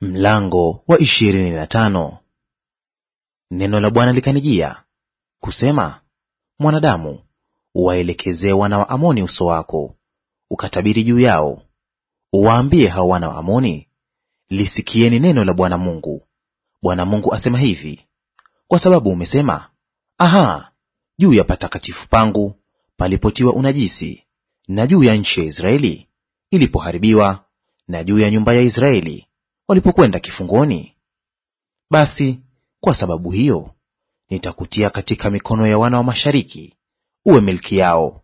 Mlango wa ishirini na tano. Neno la Bwana likanijia kusema, mwanadamu, uwaelekezee wana wa Amoni uso wako, ukatabiri juu yao, uwaambie hao wana wa Amoni, lisikieni neno la Bwana Mungu. Bwana Mungu asema hivi, kwa sababu umesema, aha, juu ya patakatifu pangu palipotiwa unajisi, na juu ya nchi ya Israeli ilipoharibiwa, na juu ya nyumba ya Israeli walipokwenda kifungoni? Basi kwa sababu hiyo nitakutia katika mikono ya wana wa mashariki, uwe milki yao,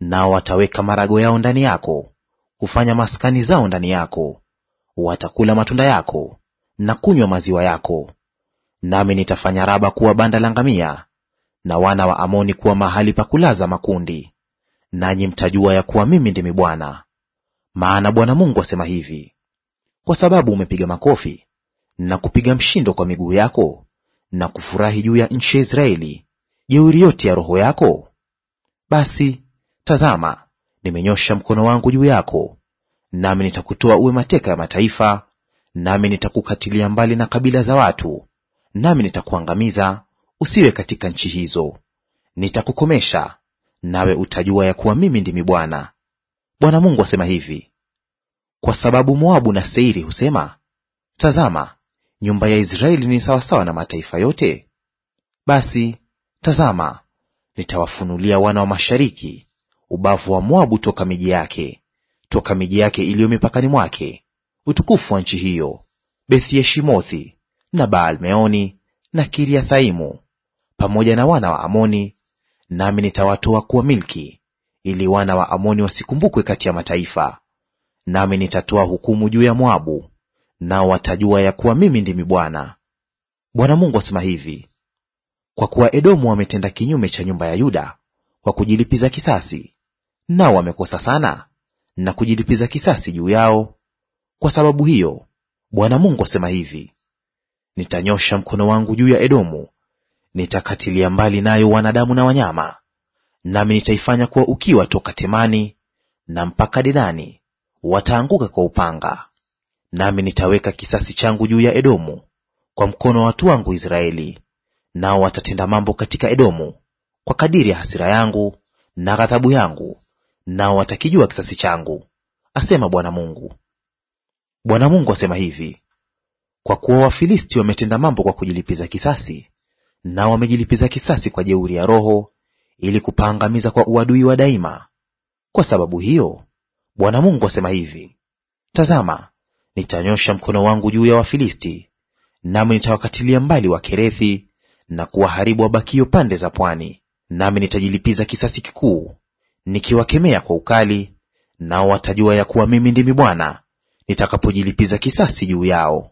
nao wataweka marago yao ndani yako, kufanya maskani zao ndani yako. Watakula matunda yako na kunywa maziwa yako. Nami nitafanya Raba kuwa banda la ngamia, na wana wa Amoni kuwa mahali pa kulaza makundi. Nanyi mtajua ya kuwa mimi ndimi Bwana. Maana Bwana Mungu asema hivi: kwa sababu umepiga makofi na kupiga mshindo kwa miguu yako na kufurahi juu ya nchi ya Israeli, jeuri yote ya roho yako, basi tazama, nimenyosha mkono wangu juu yako, nami nitakutoa uwe mateka ya mataifa, nami nitakukatilia mbali na kabila za watu, nami nitakuangamiza usiwe katika nchi hizo. Nitakukomesha, nawe utajua ya kuwa mimi ndimi Bwana. Bwana Mungu asema hivi: kwa sababu Moabu na Seiri husema, tazama, nyumba ya Israeli ni sawasawa na mataifa yote. Basi tazama, nitawafunulia wana wa mashariki ubavu wa Moabu toka miji yake, toka miji yake iliyo mipakani mwake, utukufu wa nchi hiyo, beth na Baal-Meoni na Kiriathaimu pamoja na wana wa Amoni, nami nitawatoa kuwa milki, ili wana wa Amoni wasikumbukwe kati ya mataifa nami nitatoa hukumu juu ya Moabu, nao watajua ya kuwa mimi ndimi Bwana. Bwana Mungu asema hivi: kwa kuwa Edomu wametenda kinyume cha nyumba ya Yuda kwa kujilipiza kisasi, nao wamekosa sana na kujilipiza kisasi juu yao, kwa sababu hiyo Bwana Mungu asema hivi: nitanyosha mkono wangu juu ya Edomu, nitakatilia mbali nayo wanadamu na wanyama, nami nitaifanya kuwa ukiwa toka Temani na mpaka Dedani wataanguka kwa upanga, nami nitaweka kisasi changu juu ya Edomu kwa mkono wa watu wangu Israeli, nao watatenda mambo katika Edomu kwa kadiri ya hasira yangu na ghadhabu yangu, nao watakijua kisasi changu, asema Bwana Mungu. Bwana Mungu asema hivi: kwa kuwa Wafilisti wametenda mambo kwa kujilipiza kisasi, nao wamejilipiza kisasi kwa jeuri ya roho, ili kupaangamiza kwa uadui wa daima, kwa sababu hiyo Bwana Mungu asema hivi, tazama, nitanyosha mkono wangu juu ya Wafilisti, nami nitawakatilia mbali Wakerethi na kuwaharibu wabakio pande za pwani, nami nitajilipiza kisasi kikuu nikiwakemea kwa ukali, nao watajua ya kuwa mimi ndimi Bwana nitakapojilipiza kisasi juu yao.